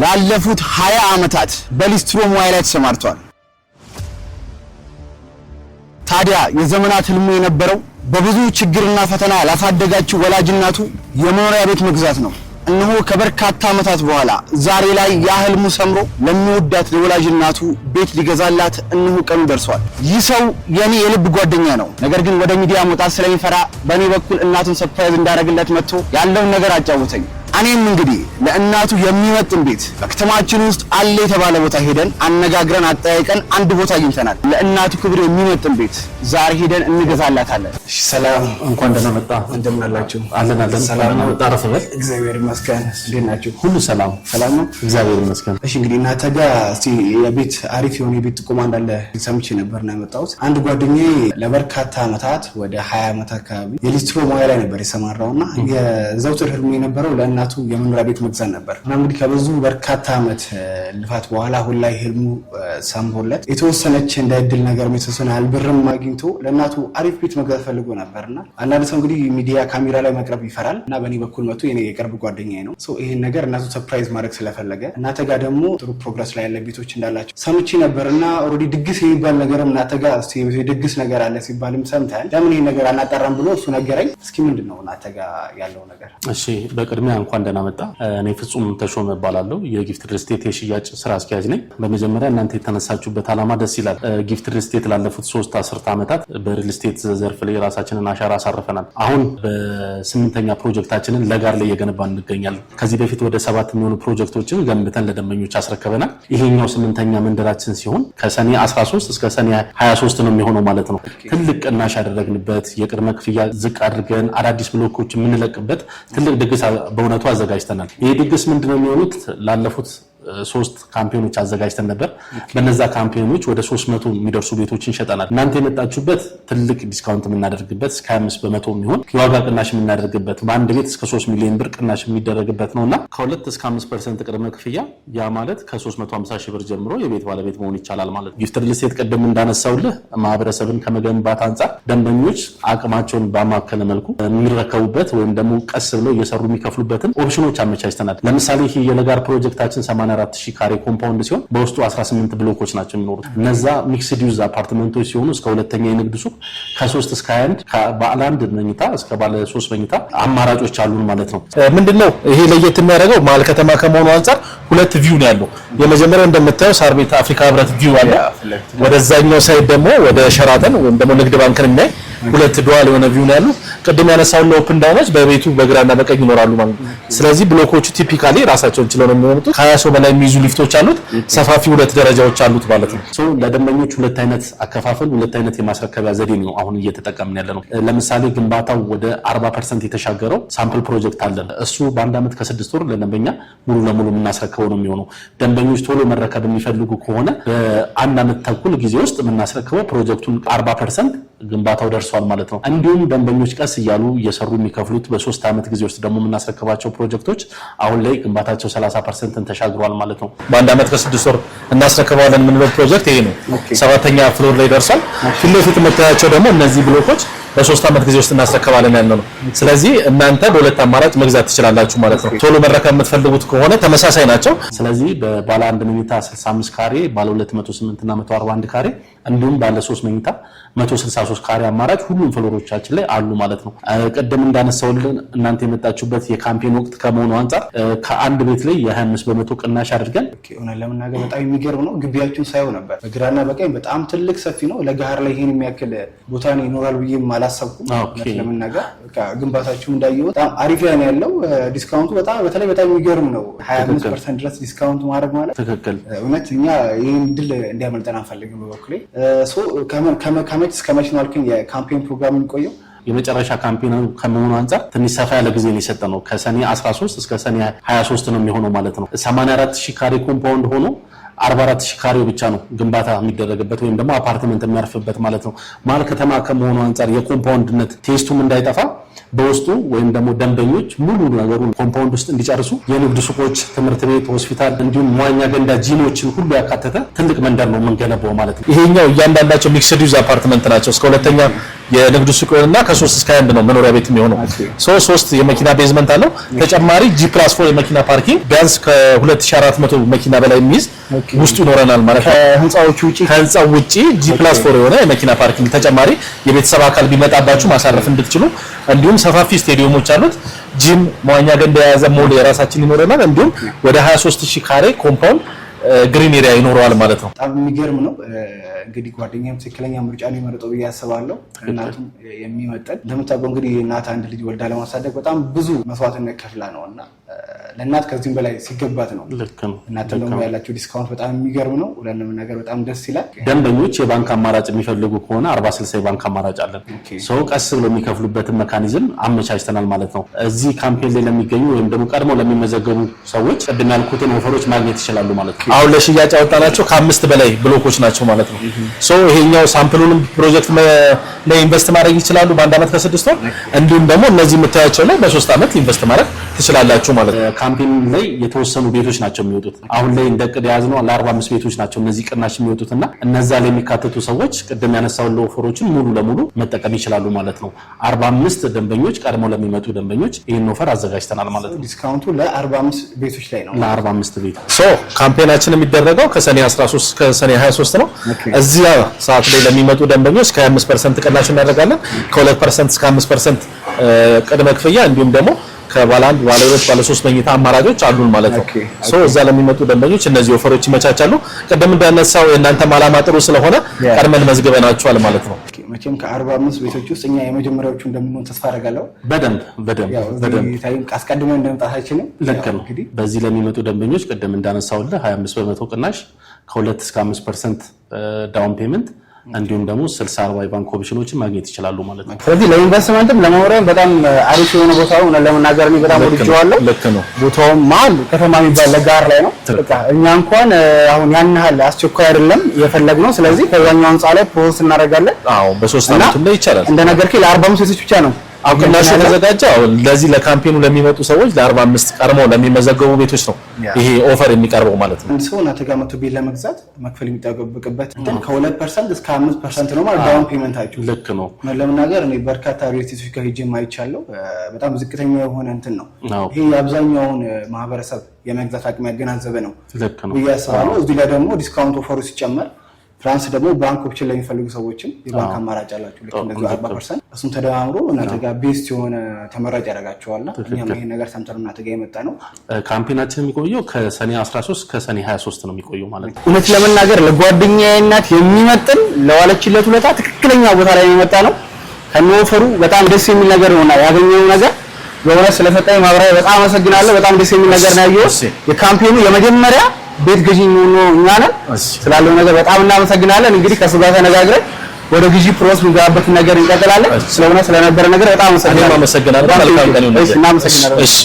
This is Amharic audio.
ላለፉት 20 ዓመታት በሊስትሮ ሙያ ላይ ተሰማርቷል። ታዲያ የዘመናት ህልሙ የነበረው በብዙ ችግርና ፈተና ላሳደጋችው ወላጅናቱ የመኖሪያ ቤት መግዛት ነው። እነሆ ከበርካታ ዓመታት በኋላ ዛሬ ላይ ያ ህልሙ ሰምሮ ለሚወዳት ለወላጅናቱ ቤት ሊገዛላት እነሆ ቀኑ ደርሷል። ይህ ሰው የኔ የልብ ጓደኛ ነው። ነገር ግን ወደ ሚዲያ መውጣት ስለሚፈራ በእኔ በኩል እናቱን ሰፕራይዝ እንዳደረግለት መጥቶ ያለውን ነገር አጫወተኝ። እኔም እንግዲህ ለእናቱ የሚመጥን ቤት በከተማችን ውስጥ አለ የተባለ ቦታ ሄደን አነጋግረን አጠያይቀን አንድ ቦታ አግኝተናል። ለእናቱ ክብር የሚመጥን ቤት ዛሬ ሄደን እንገዛላታለን። ሰላም፣ እንኳን ደህና መጣ። እንደምን አላችሁ? አለን አለን። ሰላም ነው። ጣረፍ በል። እግዚአብሔር ይመስገን። እንዴት ናችሁ? ሁሉ ሰላም ሰላም ነው። እግዚአብሔር ይመስገን። እሺ፣ እንግዲህ እናንተ ጋር እስቲ የቤት አሪፍ የሆነ የቤት ጥቆማ እንዳለ ሰምቼ ነበር ነው የመጣሁት አንድ ጓደኛዬ ለበርካታ ዓመታት ወደ ሀያ ዓመት አካባቢ የሊስትሮ ሙያ ላይ ነበር የሰማራው እና የዘውትር ህልሜ የነበረው ለእና እናቱ የመኖሪያ ቤት መግዛት ነበር እና እንግዲህ ከብዙ በርካታ ዓመት ልፋት በኋላ አሁን ላይ ህልሙ ሰምቶለት የተወሰነች እንደ እድል ነገር የተወሰነ አልብርም አግኝቶ ለእናቱ አሪፍ ቤት መግዛት ፈልጎ ነበር እና አንዳንድ ሰው እንግዲህ ሚዲያ ካሜራ ላይ መቅረብ ይፈራል እና በእኔ በኩል መቶ የኔ የቅርብ ጓደኛ ነው ይህን ነገር እናቱ ሰርፕራይዝ ማድረግ ስለፈለገ እናተ ጋር ደግሞ ጥሩ ፕሮግረስ ላይ ያለ ቤቶች እንዳላቸው ሰምቼ ነበር እና ኦልሬዲ ድግስ የሚባል ነገርም እናተ ጋር ድግስ ነገር አለ ሲባልም ሰምተን ለምን ይህ ነገር አናጠራም ብሎ እሱ ነገረኝ። እስኪ ምንድን ነው እናተ ጋር ያለው ነገር? እሺ በቅድሚያ እንኳን ደህና መጣ። እኔ ፍጹም ተሾመ እባላለሁ። የጊፍት ሪልስቴት የሽያጭ ስራ አስኪያጅ ነኝ። በመጀመሪያ እናንተ የተነሳችሁበት ዓላማ ደስ ይላል። ጊፍት ሪልስቴት ላለፉት ሶስት አስርተ ዓመታት በሪልስቴት ዘርፍ ላይ የራሳችንን አሻራ አሳርፈናል። አሁን በስምንተኛ ፕሮጀክታችንን ለጋር ላይ እየገነባ እንገኛለን። ከዚህ በፊት ወደ ሰባት የሚሆኑ ፕሮጀክቶችን ገንብተን ለደንበኞች አስረክበናል። ይሄኛው ስምንተኛ መንደራችን ሲሆን ከሰኔ 13 እስከ ሰኔ 23 ነው የሚሆነው ማለት ነው። ትልቅ ቅናሽ ያደረግንበት የቅድመ ክፍያ ዝቅ አድርገን አዳዲስ ብሎኮች የምንለቅበት ትልቅ ድግስ በእውነቱ አዘጋጅተናል። ይህ ድግስ ምንድነው የሚሆኑት ላለፉት ሶስት ካምፔኖች አዘጋጅተን ነበር። በነዛ ካምፔኖች ወደ 300 የሚደርሱ ቤቶችን ሸጠናል። እናንተ የመጣችሁበት ትልቅ ዲስካውንት የምናደርግበት እስከ 25 በመቶ የሚሆን የዋጋ ቅናሽ የምናደርግበት በአንድ ቤት እስከ 3 ሚሊዮን ብር ቅናሽ የሚደረግበት ነው እና ከ2 እስከ 5 ፐርሰንት ቅድመ ክፍያ ያ ማለት ከ350 ሺህ ብር ጀምሮ የቤት ባለቤት መሆን ይቻላል ማለት ነው። ጊፍት ሪል ቅድም እንዳነሳውልህ ማህበረሰብን ከመገንባት አንጻር ደንበኞች አቅማቸውን ባማከለ መልኩ የሚረከቡበት ወይም ደግሞ ቀስ ብለው እየሰሩ የሚከፍሉበትን ኦፕሽኖች አመቻችተናል። ለምሳሌ ይህ የለጋር ፕሮጀክታችን 84 ሺህ ካሬ ኮምፓውንድ ሲሆን በውስጡ 18 ብሎኮች ናቸው የሚኖሩት። እነዛ ሚክስድ ዩዝ አፓርትመንቶች ሲሆኑ እስከ ሁለተኛ የንግድ ሱቅ ከ3 እስከ 21 ባለ አንድ መኝታ እስከ ባለ 3 መኝታ አማራጮች አሉን ማለት ነው። ምንድን ነው ይሄ ለየት የሚያደርገው መሀል ከተማ ከመሆኑ አንጻር ሁለት ቪው ነው ያለው። የመጀመሪያው እንደምታየው ሳር ቤት አፍሪካ ህብረት ቪው አለ። ወደዛኛው ሳይድ ደግሞ ወደ ሸራተን ወይም ደግሞ ንግድ ባንክን የሚያይ ሁለት ዱዋል የሆነ ቪው ነው ያሉት። ቅድም ያነሳውን ለኦፕን ዳውኖች በቤቱ በግራና በቀኝ ይኖራሉ ማለት ነው። ስለዚህ ብሎኮቹ ቲፒካሊ ራሳቸውን ችለው ነው የሚሆኑት። ከሀያ ሰው በላይ የሚይዙ ሊፍቶች አሉት። ሰፋፊ ሁለት ደረጃዎች አሉት ማለት ነው። ለደንበኞች ሁለት አይነት አከፋፈል፣ ሁለት አይነት የማስረከቢያ ዘዴ ነው አሁን እየተጠቀምን ያለ ነው። ለምሳሌ ግንባታው ወደ 40 ፐርሰንት የተሻገረው ሳምፕል ፕሮጀክት አለን። እሱ በአንድ ዓመት ከስድስት ወር ለደንበኛ ሙሉ ለሙሉ የምናስረክበው ነው የሚሆነው። ደንበኞች ቶሎ መረከብ የሚፈልጉ ከሆነ በአንድ ዓመት ተኩል ጊዜ ውስጥ የምናስረክበው ፕሮጀክቱን 40 ፐርሰንት ግንባታው ደርሶ ደርሷል ማለት ነው። እንዲሁም ደንበኞች ቀስ እያሉ እየሰሩ የሚከፍሉት በሶስት ዓመት ጊዜ ውስጥ ደግሞ የምናስረከባቸው ፕሮጀክቶች አሁን ላይ ግንባታቸው 30 ፐርሰንትን ተሻግሯል ማለት ነው። በአንድ ዓመት ከስድስት ወር እናስረከባለን የምንለው ፕሮጀክት ይሄ ነው። ሰባተኛ ፍሎር ላይ ደርሷል። ፊት ለፊት የምታያቸው ደግሞ እነዚህ ብሎኮች በሶስት አመት ጊዜ ውስጥ እናስረከባለን ያለ ነው። ስለዚህ እናንተ በሁለት አማራጭ መግዛት ትችላላችሁ ማለት ነው። ቶሎ መረከብ የምትፈልጉት ከሆነ ተመሳሳይ ናቸው። ስለዚህ በባለ አንድ መኝታ 65 ካሬ፣ ባለ 208 እና 141 ካሬ እንዲሁም ባለ 3 መኝታ 163 ካሬ አማራጭ ሁሉም ፍሎሮቻችን ላይ አሉ ማለት ነው። ቅድም እንዳነሳውልን እናንተ የመጣችሁበት የካምፔን ወቅት ከመሆኑ አንጻር ከአንድ ቤት ላይ የ25 በመቶ ቅናሽ አድርገን ሆነ ለመናገር በጣም የሚገርም ነው። ግቢያችን ሳየው ነበር በግራና በቀኝ በጣም ትልቅ ሰፊ ነው። ለጋር ላይ ይሄን የሚያክል ቦታ ይኖራል ብዬ አላሰብኩም። ለምናገር ግንባታችሁ እንዳየው በጣም አሪፍ ያን ያለው ዲስካውንቱ በጣም በተለይ በጣም የሚገርም ነው። ሀያ አምስት ፐርሰንት ድረስ ዲስካውንት ማድረግ ማለት ትክክል። እውነት እኛ ይህን ድል እንዲያመልጠን አንፈልግም። በበኩሌ ከመች እስከ መች ነው አልከኝ የካምፔን ፕሮግራም የሚቆየው የመጨረሻ ካምፔን ከመሆኑ አንጻር ትንሽ ሰፋ ያለ ጊዜ ነው የሰጠ ነው። ከሰኔ 13 እስከ ሰኔ 23 ነው የሚሆነው ማለት ነው። 84 ሺህ ካሬ ኮምፓውንድ ሆኖ 44 ሺህ ካሬው ብቻ ነው ግንባታ የሚደረግበት ወይም ደግሞ አፓርትመንት የሚያርፍበት ማለት ነው። መሀል ከተማ ከመሆኑ አንጻር የኮምፓውንድነት ቴስቱም እንዳይጠፋ በውስጡ ወይም ደግሞ ደንበኞች ሙሉ ነገሩን ኮምፓውንድ ውስጥ እንዲጨርሱ የንግድ ሱቆች፣ ትምህርት ቤት፣ ሆስፒታል እንዲሁም መዋኛ ገንዳ፣ ጂሞችን ሁሉ ያካተተ ትልቅ መንደር ነው የምንገነባው ማለት ነው። ይሄኛው እያንዳንዳቸው ሚክስድ ዩዝ አፓርትመንት ናቸው እስከ ሁለተኛ የንግዱ ሱቅ ይሆንና ከ3 እስከ 21 ነው መኖሪያ ቤት የሚሆነው። ሶ 3 የመኪና ቤዝመንት አለው። ተጨማሪ ጂ ፕላስ 4 የመኪና ፓርኪንግ ቢያንስ ከ2400 መኪና በላይ የሚይዝ ውስጡ ይኖረናል ማለት ነው። ከህንጻዎቹ ውጪ ከህንጻው ውጪ ጂ ፕላስ 4 የሆነ የመኪና ፓርኪንግ ተጨማሪ የቤተሰብ አካል ቢመጣባችሁ ማሳረፍ እንድትችሉ፣ እንዲሁም ሰፋፊ ስቴዲየሞች አሉት። ጂም፣ መዋኛ ገንዳ የያዘ ሞል የራሳችን ይኖረናል። እንዲሁም ወደ 23000 ካሬ ኮምፓውንድ ግሪን ኤሪያ ይኖረዋል ማለት ነው። በጣም የሚገርም ነው። እንግዲህ ጓደኛም ትክክለኛ ምርጫ ነው የመረጠው ብዬ አስባለሁ። እናቱም የሚመጠን እንደምታውቀው እንግዲህ እናት አንድ ልጅ ወልዳ ለማሳደግ በጣም ብዙ መስዋዕትነት ከፍላ ነው እና ለእናት ከዚህም በላይ ሲገባት ነው። እናት ደግሞ ያላቸው ዲስካውንት በጣም የሚገርም ነው። ሁለንም ነገር በጣም ደስ ይላል። ደንበኞች የባንክ አማራጭ የሚፈልጉ ከሆነ አርባ ስልሳ የባንክ አማራጭ አለን። ሰው ቀስ ብሎ የሚከፍሉበትን መካኒዝም አመቻችተናል ማለት ነው። እዚህ ካምፔን ላይ ለሚገኙ ወይም ደግሞ ቀድሞ ለሚመዘገቡ ሰዎች ቅድም ያልኩትን ማግኘት ይችላሉ ማለት ነው። አሁን ለሽያጭ ያወጣናቸው ከአምስት በላይ ብሎኮች ናቸው ማለት ነው። ይሄኛው ሳምፕሉንም ፕሮጀክት ለኢንቨስት ማድረግ ይችላሉ በአንድ ዓመት ከስድስት ወር እንዲሁም ደግሞ እነዚህ የምታያቸው ላይ በሶስት ዓመት ኢንቨስት ማድረግ ትችላላችሁ ማለት ነው። ካምፔን ላይ የተወሰኑ ቤቶች ናቸው የሚወጡት። አሁን ላይ እንደ ቅድ የያዝነው ለአርባ አምስት ቤቶች ናቸው እነዚህ ቅናሽ የሚወጡት እና እነዛ ላይ የሚካተቱ ሰዎች ቅድም ያነሳውን ለኦፈሮችን ሙሉ ለሙሉ መጠቀም ይችላሉ ማለት ነው። አርባ አምስት ደንበኞች ቀድመው ለሚመጡ ደንበኞች ይህን ኦፈር አዘጋጅተናል ማለት ነው። ዲስካውንቱ ለአርባ አምስት ቤቶች ላይ ነው። ለአርባ አምስት ካምፔናችን የሚደረገው ከሰኔ 13 ከሰኔ 23 ነው። እዚያ ሰዓት ላይ ለሚመጡ ደንበኞች ከ25 ፐርሰንት ቅናሽ እናደርጋለን። ከ2 ፐርሰንት እስከ 5 ፐርሰንት ቅድመ ክፍያ እንዲሁም ደግሞ ከባለ አንድ ባለ ሁለት ባለ ሶስት መኝታ አማራጮች አሉን ማለት ነው። ሶ እዛ ለሚመጡ ደንበኞች እነዚህ ኦፈሮች ይመቻቻሉ። ቀደም እንዳነሳው የእናንተ አላማ ጥሩ ስለሆነ ቀድመን መዝግበናቸዋል ማለት ነው። መቼም ከ45 ቤቶች ውስጥ እኛ የመጀመሪያዎቹ እንደምንሆን ተስፋ አደርጋለሁ። በደንብ በደንብ አስቀድመን እንደመጣታችንም ልክ ነው። በዚህ ለሚመጡ ደንበኞች ቀደም እንዳነሳውልህ 25 በመቶ ቅናሽ ከ2 እስከ 5 ፐርሰንት ዳውን ፔመንት እንዲሁም ደግሞ ስልሳ አርባ የባንክ ኮሚሽኖችን ማግኘት ይችላሉ ማለት ነው። ስለዚህ ለኢንቨስትመንትም ለመኖሪያም በጣም አሪፍ የሆነ ቦታ ነው። ለመናገር እኔ በጣም ወድጄዋለሁ። ልክ ነው። ቦታውም መሀል ከተማ የሚባል ለጋር ላይ ነው። በቃ እኛ እንኳን አሁን ያን ያህል አስቸኳይ አይደለም የፈለግ ነው። ስለዚህ ከዛኛው ህንፃ ላይ ፕሮሰስ እናደርጋለን። አዎ በሶስት አመቱም ላይ ይቻላል። እንደነገርኩህ ለአርባ አምስት ሴቶች ብቻ ነው አሁን ቅናሹ ለዚህ ለካምፔኑ ለሚመጡ ሰዎች ለ45 ቀድመው ለሚመዘገቡ ቤቶች ነው ይሄ ኦፈር የሚቀርበው ማለት ነው። አንድ ሰው እናንተ ጋር መቶ ቤት ለመግዛት መክፈል የሚጠበቅበት ከሁለት ፐርሰንት እስከ አምስት ፐርሰንት ነው ማለት ዳውን ፔመንታችሁ። ልክ ነው ለምናገር እኔ በርካታ ሪልስቴቶች ጋር ሄጄ ማይቻለው በጣም ዝቅተኛ የሆነ እንትን ነው ይሄ አብዛኛውን ማህበረሰብ የመግዛት አቅም ያገናዘበ ነው ብዬ አስባለሁ። እዚህ ላይ ደግሞ ዲስካውንት ኦፈሩ ሲጨመር ፍራንስ ደግሞ ባንኮችን ለሚፈልጉ ሰዎችም የባንክ አማራጭ አላቸው። ልክ እንደዚህ አርባ ፐርሰንት እሱም ተደማምሮ እናንተ ጋር ቤስት የሆነ ተመራጭ ያደርጋቸዋልና እኛም ይሄ ነገር ሰምተን እናንተ ጋር የመጣ ነው። ካምፔናችን የሚቆየው ከሰኔ 13 ከሰኔ 23 ነው የሚቆየው ማለት ነው። እውነት ለመናገር ለጓደኛዬ እናት የሚመጥን ለዋለችለት ሁለታ ትክክለኛ ቦታ ላይ የሚመጣ ነው። ከሚወፈሩ በጣም ደስ የሚል ነገር ነውና ያገኘው ነገር በእውነት ስለሰጠኝ ማብራሪያ በጣም አመሰግናለሁ። በጣም ደስ የሚል ነገር ነው ያየሁት። የካምፔኑ የመጀመሪያ ቤት ግዢ የሚሆኑ እኛ ነን። ስላለው ነገር በጣም እናመሰግናለን። እንግዲህ ከእሱ ጋር ተነጋግረን ወደ ግዢ ፕሮሰስ ምንገባበትን ነገር እንቀጥላለን። ስለሆነ ስለነበረ ነገር በጣም አመሰግናለሁ።